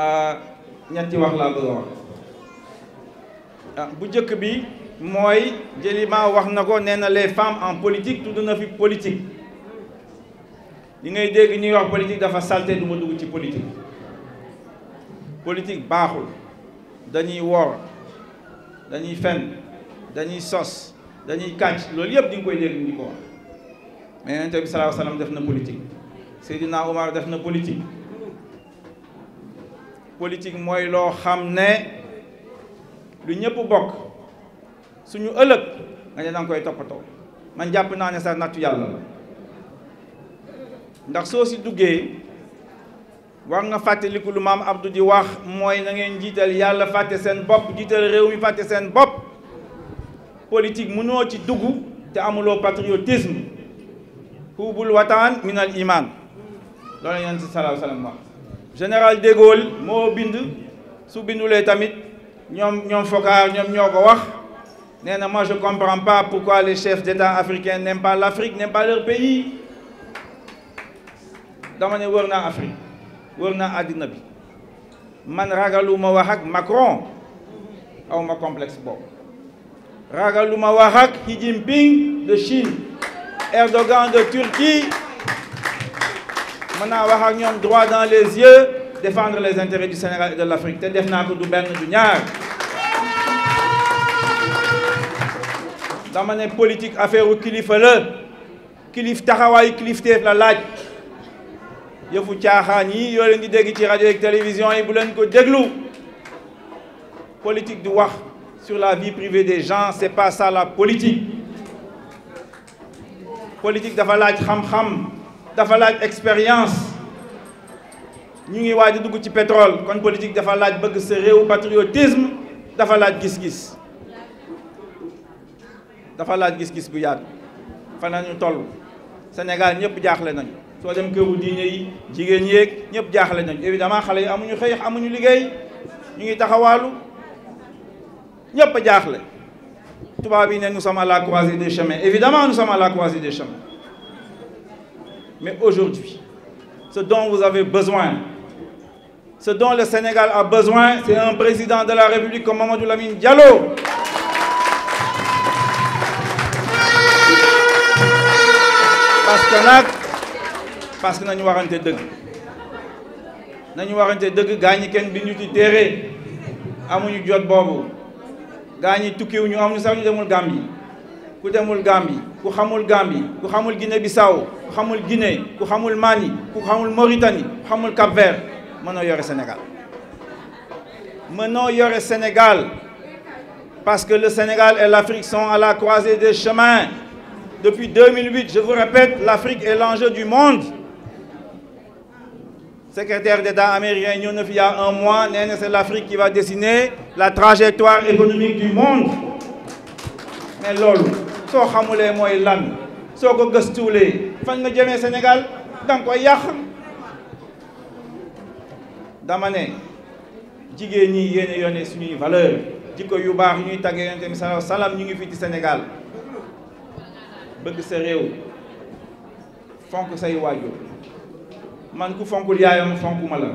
Ah, ñetti wax laa bëgg a ah, bu jëkk bi mooy Jëlima wax na ko nee na les femmes en politique tudd na fi politique li ngay dégg ñuy wax politique dafa salte du ma dugg ci politique politique baaxul dañuy woor dañuy fen dañuy sos dañuy kàcc loolu yëpp di nga koy dégg ñu di ko wax bi sallallahu alayhi def na politique Seydina Omar def na politique politique mooy loo xam ne lu ñëpp bokk suñu ëllëg nga ne danga koy toppatoo man jàpp naa ne sax nattu yàlla la ndax soo si duggee wax nga fàttaliku lu maam Abdou di wax mooy na ngeen jiital yàlla fàtte seen bopp jiital réew mi fàtte seen bopp politique mënoo ci dugg te amuloo patriotisme huubul wataan min al iman loolu yonent si salaahu salaam wax général de Gaulle moo bind su bindule tamit ñoom ñoom Foccart ñoom ñoo ko wax nee na moi je comprends pas pourquoi les chefs d'État africains n'aiment pas l'Afrique n'aiment pas leur pays dama ne Afrique wër naa bi man ragaluma wax ak Macron aw ma complexe boobu ragaluma wax ak Xi de Chine Erdogan de Turquie mën naa wax ak ñoom dans les yeux défendre les intérêts du Sénégal et de l'Afrique te def naa ko du benn du ñaar dama ne politique affaire u kilifa la kilif taxawaayu kilifteef la laaj yëfu caaxaan yi yoo leen di dégg ci rajo ak télévision yi bu leen ko déglu politique du wax sur la vie privée des gens c'est pas ça la politique politique dafa laaj xam-xam dafa laaj expérience ñu ngi waaj a dugg ci pétrole kon politique dafa laaj bëgg sa réew patriotisme dafa laaj gis-gis dafa laaj gis-gis bu yaatu fan la ñu senegal Sénégal ñëpp jaaxle nañu soo dem këru diine yi jigéen yéeg ñëpp jaaxle nañu évidemment xale yi amuñu xëy amuñu liggéey ñu ngi taxawaalu ñëpp jaaxle tubaab yi ne nous sommes à la croisée des chemins évidemment nous sommes à la croisée des chemins. Mais aujourd'hui, ce dont vous avez besoin, ce dont le Sénégal a besoin, c'est un président de la République comme Mamadou Lamine Diallo. parce que nag parce que nañu warante dëgg nañu warante dëgg gaa ñi kenn bi ñu ci téere amuñu jot boobu gaa ñi tukkiw ñu am ñu sa ñu demul Gambie ku demul Gambie ku xamul Gambie xamul Guinée Bissau ku xamul Guinée ku xamul Mali ku xamul Mauritanie xamul Cap Vert mënoo yore Sénégal mënoo yore Sénégal parce que le Sénégal et l'Afrique sont à la croisée des chemins depuis 2008 je vous répète l'Afrique est l'enjeu du monde secrétaire d'État américain ñëw na fi il y a un mois nee na c'est l'Afrique qui va dessiner la trajectoire économique du monde soo xamulee mooy lan soo ko gëstuulee fan nga jëmee Sénégal danga koy yàq dama ne jigéen ñi yéene yone suñuy valeur jikko yu baax ñuy tàggee yonent bi sallallahu ñu ngi fii ci Sénégal bëgg sa réew fonk say waajur man ku fonkul yaayam fonk ma la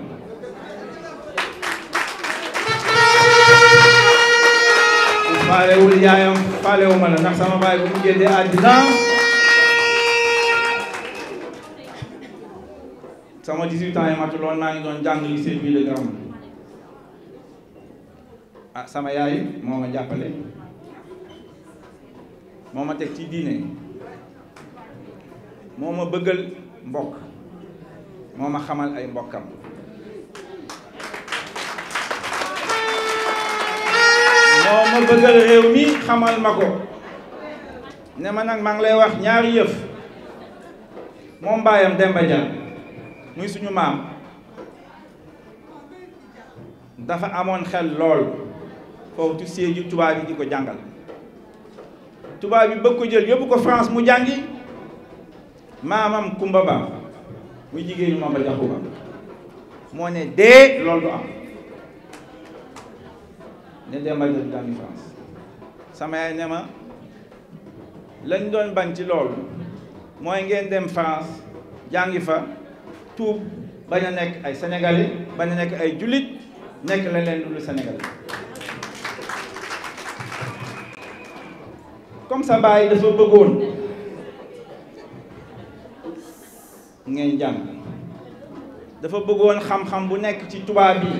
faalewul yaayam faalewuma la ndax sama baay bu mu génnee àddina sama 18 ans yi matuloon naa ngi doon jàng lycée bi de Grand ah sama yaay moo ma jàppale moo ma teg ci diine moo ma bëggal mbokk moo ma xamal ay mbokkam bëggal réew mi xamal ma ko ne ma nag maa ngi lay wax ñaari yëf moom baayam Demba Dia muy suñu maam dafa amoon xel lool foofu tu séeju tubaab yi di ko jàngal tubaab bi bëgg ko jël yépp ko France mu jàngi maamam Kumba Ba muy jigéenu Mamba Diakhouba moo ne dee loolu am ñettee major bi jàngi France sama yaay ne ma lañ doon bañ ci loolu mooy ngeen dem France jàngi fa tuub bañ a nekk ay sénégalais bañ a nekk ay jullit nekk leneen lu dul sénégalais comme sa baay dafa bëggoon ngeen jàng dafa bëggoon xam-xam bu nekk ci tubaab yi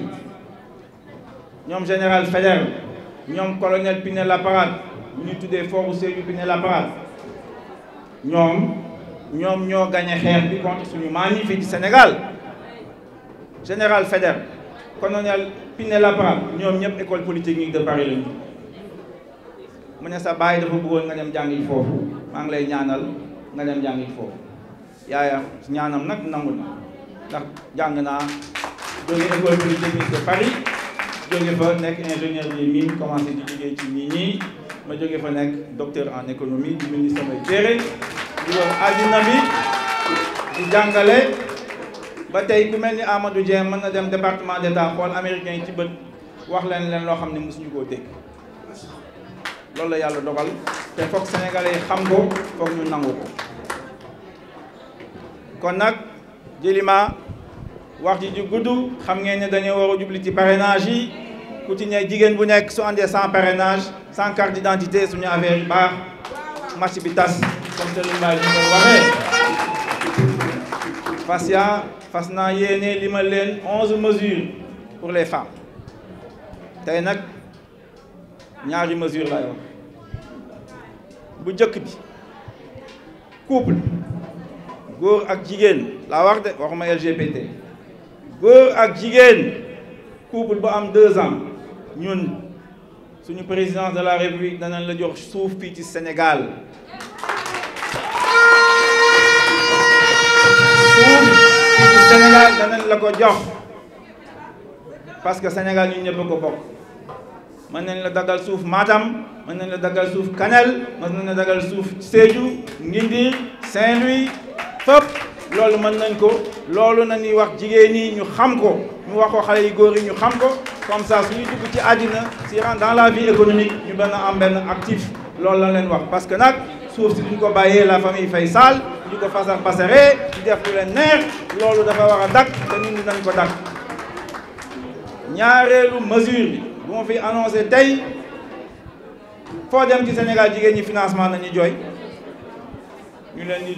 ñoom général Faidherbe ñoom colonel Pinet Laparade ñu ñuy tuddee fooru Sédhiou Pinet Laparade ñoom ñoom ñoo gañe xeex bi contre suñu maa ñi fii ci Sénégal général Faidherbe colonel Pinet Laparade ñoom ñëpp école polytechnique de Paris lañu mu ne sa bàyyi dafa bëggoon nga dem jàngi foofu maa ngi lay ñaanal nga dem jàngi foofu yaayam ñaanam nag nangu na ndax jàng naa jóge école polytechnique de Paris jóge fa nekk ingénieur des mines commencé di liggéey ci nii ñi ma jóge fa nekk docteur en économie di bind samay téere di wër àddina bi di jàngale ba tey ku mel ni Amadou Dieng mën na dem département d'état xool américain yi ci bët wax leen leen loo xam ne mosuñu koo dégg loolu la yàlla dogal te foog sénégalais yi xam ko foog ñu nangu ko kon nag Jilima wax ji ju gudd xam ngeen ne dañoo war a jubli ci parrainage yi ku ci ne jigéen bu nekk su àndee sans parrainage sans carte d'identité suñu affaire yi baax match bi tas comme Serigne Mbaye ñu koy waxee fas yaa fas naa yéene li ma leen onze mesures pour les femmes tey nag ñaari mesure lay wax bu njëkk bi couple góor ak jigéen laa wax de waxuma LGBT góor ak jigéen couple bu am deux ans ñun suñu de la république danañ la jox suuf fii ci Sénégal suuf ci Sénégal danañ la ko jox parce que Sénégal ñun ñëpp ko bokk mën nañ la daggal suuf Matam mën nañ la daggal suuf Kanel mën nañ la daggal suuf Sédhiou Ngindi Saint-Louis loolu mën nañ ko loolu nañuy wax jigéen ñi ñu xam ko ñu wax ko xale yi góor yi ñu xam ko comme ça suñu dugg ci àddina si dans la vie économique ñu benn am benn actif loolu la leen wax parce que nag suuf si duñ ko bàyyee la famille Faye Sall di ko fasar pasaree di def lu leen neex loolu dafa war a dakk te nit nañu ko dakk ñaareelu mesure bi bu ma fi annoncé tey foo dem ci Sénégal jigéen ñi financement nañu jooy ñu leen di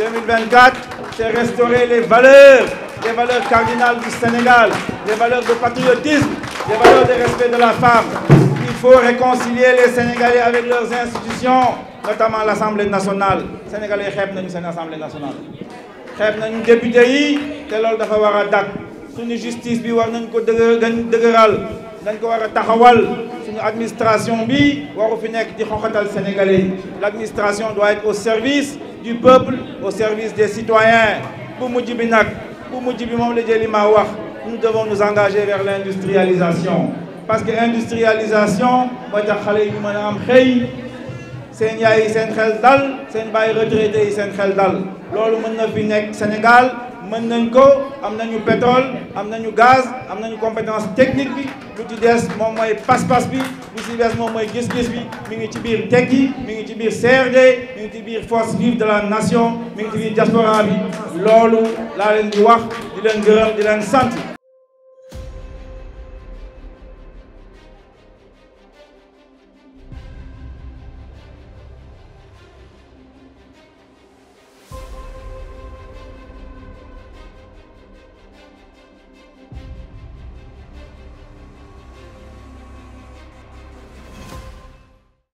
2024, c'est restaurer les valeurs, les valeurs cardinales du Sénégal, les valeurs de patriotisme, les valeurs de respect de la femme. Il faut réconcilier les Sénégalais avec leurs institutions, notamment l'Assemblée nationale. Sénégalais xeeb nañu seen Assemblée nationale xeeb nañu député yi te loolu dafa war a dakk suñu justice bi war nañ ko dëgë dañ dëgëral dañ ko war a taxawal suñu administration bi war fi nekk di xoxatal Sénégalais yi l'administration doit être au service du peuple au service des citoyens bu mujj bi nag bu mujj bi moom la Jelima wax nous devons nous engager vers l'industrialisation parce que industrialisation mooy tax xale yi mën a am xëy seen yaay yi seen xel dal seen bàyyi retraité yi seen xel dal loolu mën na fi nekk mën nañ ko am nañu pétrole am nañu gaz am nañu compétence technique bi lu des moom mooy pas-pas bi lu des moom mooy gis-gis bi mi ngi ci biir tekki mi ngi ci biir CRD mi ngi ci biir force vive de la nation mi ngi ci biir diaspora bi loolu laa leen di wax di leen gërëm di leen santi